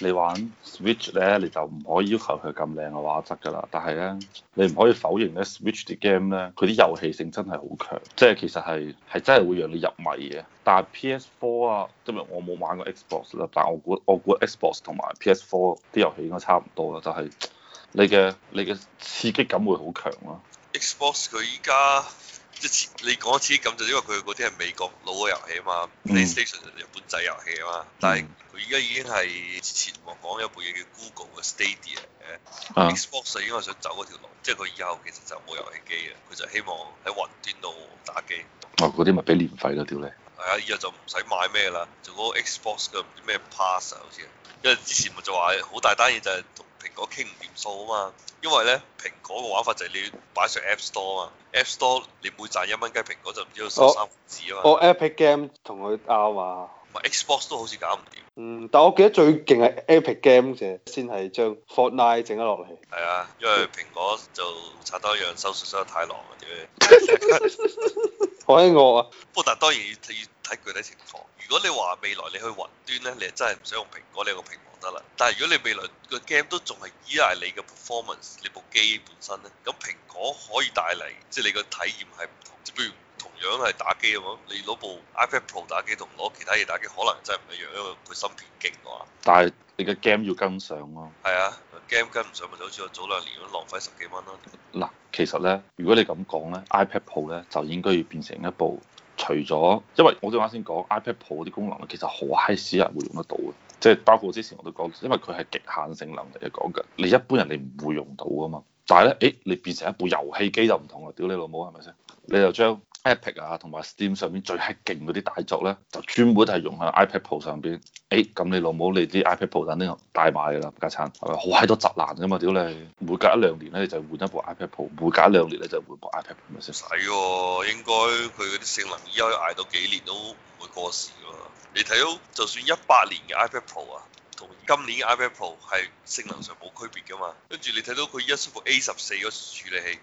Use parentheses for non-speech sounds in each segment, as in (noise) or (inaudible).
你玩 Switch 咧，你就唔可以要求佢咁靚嘅畫質噶啦。但係咧，你唔可以否認咧，Switch 啲 game 咧，佢啲遊戲性真係好強，即係其實係係真係會讓你入迷嘅。但係 PS Four 啊，今日我冇玩過 Xbox 啦，但我估我估 Xbox 同埋 PS Four 啲遊戲應該差唔多啦，就係你嘅你嘅刺激感會好強咯。Xbox 佢依家。即係你講一次咁就因為佢嗰啲係美國佬嘅遊戲啊嘛、嗯，PlayStation 日本仔遊戲啊嘛，嗯、但係佢而家已經係之前講有部嘢叫 Google 嘅 Stadia，Xbox、啊、就因為想走嗰條路，即係佢以後其實就冇遊戲機嘅，佢就希望喺雲端度打機。哦，嗰啲咪俾年費嗰條咧？係啊，依家就唔使買咩啦，做嗰個 Xbox 嘅咩 Pass 好似，因為之前咪就話好大單嘢就係。蘋果傾唔掂數啊嘛，因為咧蘋果嘅玩法就係你要擺上 App Store 啊嘛，App Store 你每賺一蚊雞蘋果就唔知要收三個字啊嘛。我、oh, oh, Epic Game 同佢啱啊，唔係 Xbox 都好似搞唔掂。嗯，但係我記得最勁係 Epic Game 啫，先係將 Fortnite 整咗落嚟，係啊，因為蘋果就拆多一樣收數收得太狼啊啲嘢。我喺我啊，不過但當然要睇睇具體情況。如果你話未來你去雲端咧，你真係唔想用蘋果你個平？得啦，但係如果你未來個 game 都仲係依賴你嘅 performance，你部機本身咧，咁蘋果可以帶嚟，即係你個體驗係唔同。即係譬如同樣係打機咁，你攞部 iPad Pro 打機，同攞其他嘢打機，可能真係唔一樣，因為佢芯片勁啊嘛。但係你嘅 game 要跟上咯啊。係啊，game 跟唔上咪就好似我早兩年咁浪費十幾蚊咯啊。嗱，其實咧，如果你咁講咧，iPad Pro 咧就應該要變成一部，除咗因為我哋啱先講 iPad Pro 啲功能咧，其實好嗨死人會用得到嘅。即係包括之前我都講，因為佢係極限性能嚟嘅。講嘅，你一般人哋唔會用到噶嘛。但係咧，誒、欸，你變成一部遊戲機就唔同啦，屌你老母係咪先？你就將。iPad 啊，同埋 Steam 上面最 hit 勁嗰啲大作咧，就專門係用喺 iPad Pro 上邊。誒、欸，咁你老母你啲 iPad Pro 等啲大買噶啦，家產係咪？好閪多宅男噶嘛，屌你！每隔一兩年咧就換一部 iPad Pro，每隔一兩年咧就換部 iPad Pro 咪先。唔使喎、啊，應該佢嗰啲性能依家可以捱到幾年都唔會過時噶嘛。你睇到、哦、就算一八年嘅 iPad Pro 啊，同今年嘅 iPad Pro 係性能上冇區別噶嘛。跟住你睇到佢一家舒 A 十四嗰處理器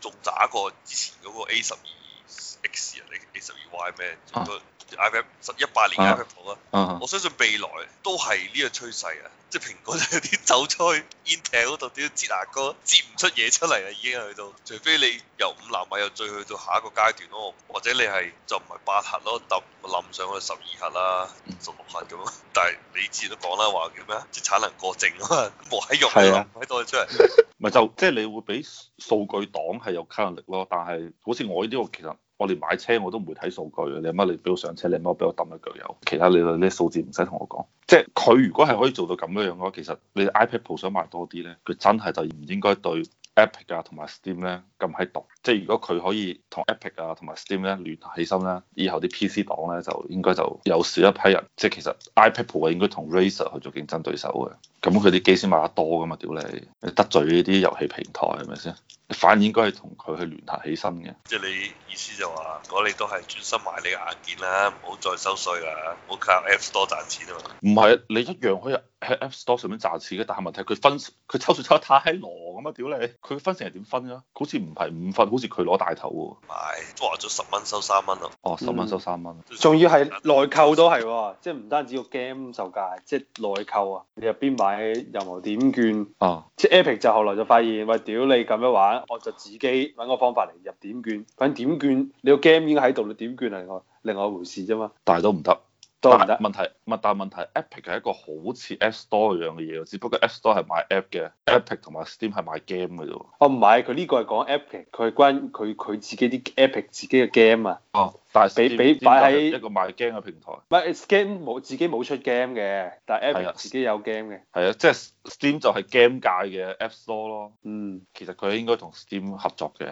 仲渣過之前嗰個 A 十二。X 啊，你 A 十二 Y 咩？最多。i 十一八年 iPad Pro 啊，uh huh. uh huh. 我相信未來都係呢個趨勢啊！即係蘋果就係啲走出去 Intel 嗰度，啲哲阿哥接唔出嘢出嚟啊！已經去到，除非你由五納米又再去到下一個階段咯、啊，或者你係就唔係八核咯、啊，撻撻上去十二核啦、啊，十六核咁、啊、咯。但係你之前都講啦，話叫咩啊？即係產能過剩啊冇喺用啊，買多咗出嚟。咪就即係你會俾數據黨係有吸引力咯，但係好似我呢啲我其實。我連買車我都唔會睇數據，你乜你俾我上車，你乜俾我揼一腳油，其他你啲數字唔使同我講。即係佢如果係可以做到咁樣樣嘅話，其實你 iPad Pro 想買多啲咧，佢真係就唔應該對 Epic 啊同埋 Steam 咧咁喺度。即係如果佢可以同 Epic 啊，同埋 Steam 咧聯合起身咧，以後啲 PC 黨咧就應該就有少一批人，即係其實 iPad 鋪啊，應該同 Razer 去做競爭對手嘅。咁佢啲機先賣得多㗎嘛？屌你，你得罪呢啲遊戲平台係咪先？反而應該係同佢去聯合起身嘅。即係你意思就話，我你都係專心賣你嘅硬件啦，唔好再收稅啦，唔好靠 Apps 多賺錢啊嘛。唔係，你一樣可以。喺 App Store 上面賺錢嘅，但係問題佢分佢抽水抽得太狼咁啊！屌你，佢分成係點分啊？好似唔係五分，好似佢攞大頭喎。唔係，話咗十蚊收三蚊咯。哦，十蚊收三蚊。仲、嗯、要係內購都係，即係唔單止個 game 售價，即係內購啊！你入邊買任何點券啊？即係、Epic 就後來就發現，喂屌你咁樣玩，我就自己揾個方法嚟入點券，反正點券你個 game 已經喺度，你點券係另外另外一回事啫嘛。但係都唔得。都但係問題，唔係但係問題，Epic 係一個好似 App Store 咁樣嘅嘢喎，只不過 App Store 係買 App 嘅，Epic 同埋 Steam 係買 game 嘅啫喎。哦，唔係，佢呢個係講 Epic，佢係關於佢佢自己啲 Epic 自己嘅 game 啊。哦。但係俾俾擺喺一個賣 game 嘅平台，唔係 Steam 冇自己冇出 game 嘅，但係 Apple 自己有 game 嘅。係啊，即係 Steam 就係 game 界嘅 App Store 咯。嗯，其實佢應該同 Steam 合作嘅，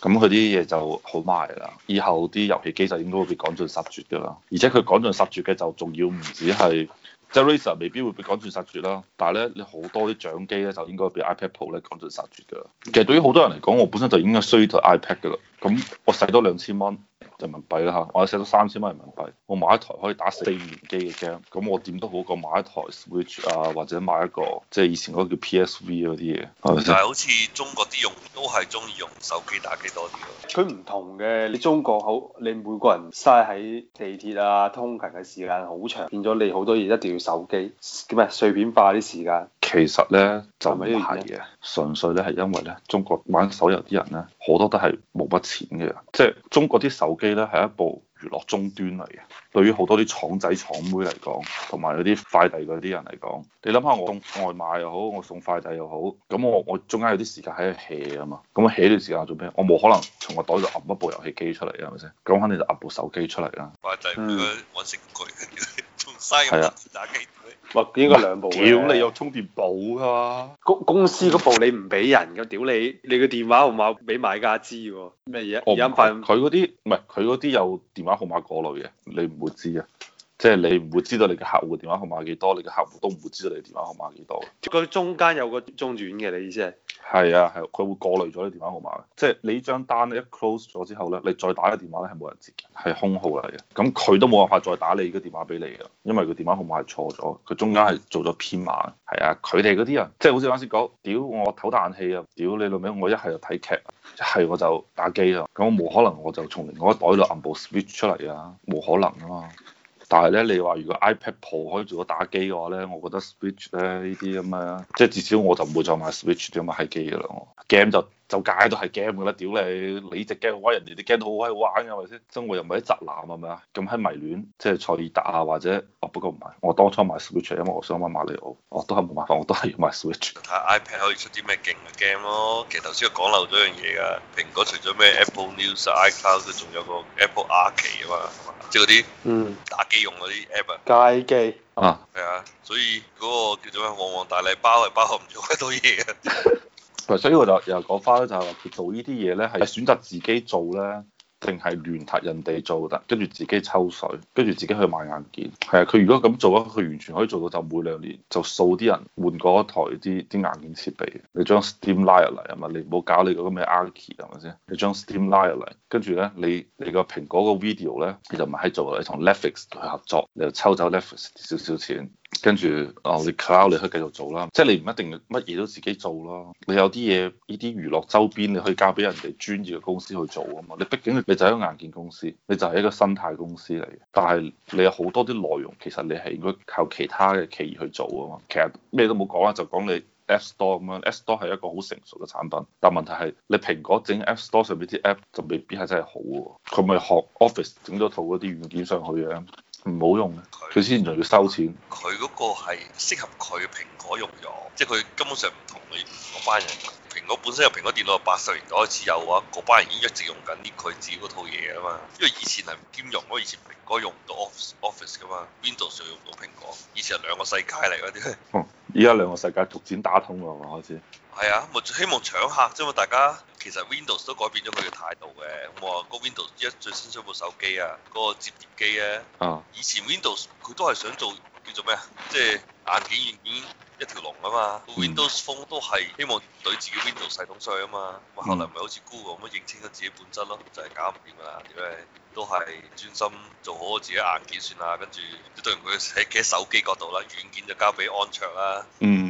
咁佢啲嘢就好賣啦。以後啲遊戲機就應該會被趕盡殺絕㗎啦。而且佢趕盡殺絕嘅就仲要唔止係，即係 Razer 未必會被趕盡殺絕啦。但係咧，你好多啲掌機咧就應該被 iPad Pro 咧趕盡殺絕㗎啦。其實對於好多人嚟講，我本身就已經需要 iPad 㗎啦。咁我使多兩千蚊。人民幣啦嚇，我使咗三千蚊人民幣，我買一台可以打四年機嘅 game，咁我點都好過買一台 Switch 啊，或者買一個即係以前嗰個叫 PSV 嗰啲嘢，係咪先？但係好似中國啲用都係中意用手機打機多啲咯。佢、okay. 唔同嘅，你中國好，你每個人嘥喺地鐵啊通勤嘅時間好長，變咗你好多嘢一定要手機，唔係碎片化啲時間。其實咧就唔係嘅，純粹咧係因為咧中國玩手遊啲人咧好多都係冇乜錢嘅，即係中國啲手機咧係一部娛樂終端嚟嘅。對於好多啲廠仔廠妹嚟講，同埋嗰啲快遞嗰啲人嚟講，你諗下我送外賣又好，我送快遞又好，咁我我中間有啲時間喺度 hea 啊嘛，咁 hea 一段時間做咩？我冇可能從個袋度揼一部遊戲機出嚟，係咪先？咁肯定就揼部手機出嚟啦。快遞唔該揾工打機。應該兩部嘅。屌，你有充電寶噶。公 (music) 公司嗰部你唔俾人噶，屌你，你嘅電話號碼俾買家知喎。咩嘢隱瞞？佢嗰啲唔係佢嗰啲有電話號碼過濾嘅，你唔會知啊。即係你唔會知道你嘅客戶嘅電話號碼幾多，你嘅客戶都唔會知道你電話號碼幾多。佢中間有個中轉嘅，你意思係？係啊，係。佢會過濾咗你電話號碼，即係你張單一 close 咗之後咧，你再打個電話咧係冇人接嘅，係空號嚟嘅。咁佢都冇辦法再打你個電話俾你嘅，因為佢電話號碼係錯咗，佢中間係做咗編碼。係啊，佢哋嗰啲人，即係好似啱先講，屌我唞啖氣啊，屌你老味，我一係就睇劇，一係我就打機啊，咁我冇可能我就從另外一袋度 unbox switch 出嚟啊，冇可能啊嘛。但係咧，你話如果 iPad Pro 可以做到打機嘅話咧，我覺得 Switch 咧呢啲咁樣，即係、就是、至少我就唔會再買 Switch 啲咁嘅機嘅啦。我 game 就～就街都係 game 噶啦，屌你，你隻 game 玩人哋啲 game 都好閪好玩嘅係咪先？生活又唔係啲宅男係咪啊？咁喺迷戀，即係塞利達啊，或者，哦、不過唔係，我當初買 Switch 因為我想買馬里奧，我、哦、都係冇辦法，我都係要買 Switch。睇 iPad 可以出啲咩勁嘅 game 咯，其實頭先我講漏咗樣嘢噶，蘋果除咗咩 Apple News、iCloud，仲有個 Apple Arcade 啊嘛，即係嗰啲嗯打機用嗰啲 app 啊，街機啊，係啊，所以嗰個叫做咩旺旺大禮包係包含唔到好多嘢嘅。所以我就又講翻咧，就係話佢做呢啲嘢咧，係選擇自己做咧，定係聯合人哋做，得跟住自己抽水，跟住自己去買硬件。係啊，佢如果咁做啊，佢完全可以做到就每兩年就掃啲人換過一台啲啲硬件設備。你將 Steam 拉入嚟啊嘛，你唔好搞你嗰個咩 Arcade 係咪先？你將 Steam 拉入嚟，跟住咧你你個蘋果個 Video 咧就咪喺做，你同 Netflix 去合作，你就抽走 Netflix 少少少錢。跟住，哦，你 Cloud 你可以繼續做啦，即係你唔一定乜嘢都自己做咯，你有啲嘢呢啲娛樂周邊你可以交俾人哋專業嘅公司去做啊嘛，你畢竟你就係一個硬件公司，你就係一個生態公司嚟嘅，但係你有好多啲內容其實你係應該靠其他嘅企業去做啊嘛，其實咩都冇講啦，就講你 App Store 咁樣，App Store 係一個好成熟嘅產品，但問題係你蘋果整 App Store 上面啲 app 就未必係真係好喎，佢咪學 Office 整咗套嗰啲軟件上去嘅。唔好用佢先，仲要收錢。佢嗰個係適合佢蘋果用咗，即係佢根本上唔同你嗰班人。蘋果本身有蘋果電腦，八十年代開始有啊。嗰班人已經一直用緊啲佢自己嗰套嘢啊嘛。因為以前係唔兼容，以前蘋果用唔到 office, office office 嘅嘛，Windows 用唔到蘋果。以前兩個世界嚟嗰啲。嗯依家兩個世界逐漸打通啦，係嘛？開始係啊，咪、就是、希望搶客啫嘛！大家其實 Windows 都改變咗佢嘅態度嘅。咁我話個 Windows 依家最新出部手機啊，嗰、那個折疊機啊。啊。啊以前 Windows 佢都係想做叫做咩啊？即、就、係、是、硬，硬件、軟件。啊嘛、嗯、，Windows Phone 都係希望懟自己 Windows 系統上啊嘛，後來咪好似 Google 咁樣認清咗自己本質咯，就係、是、搞唔掂噶啦，點解都係專心做好自己硬件算啦，跟住對唔起企喺手機角度啦，軟件就交俾安卓啦。嗯。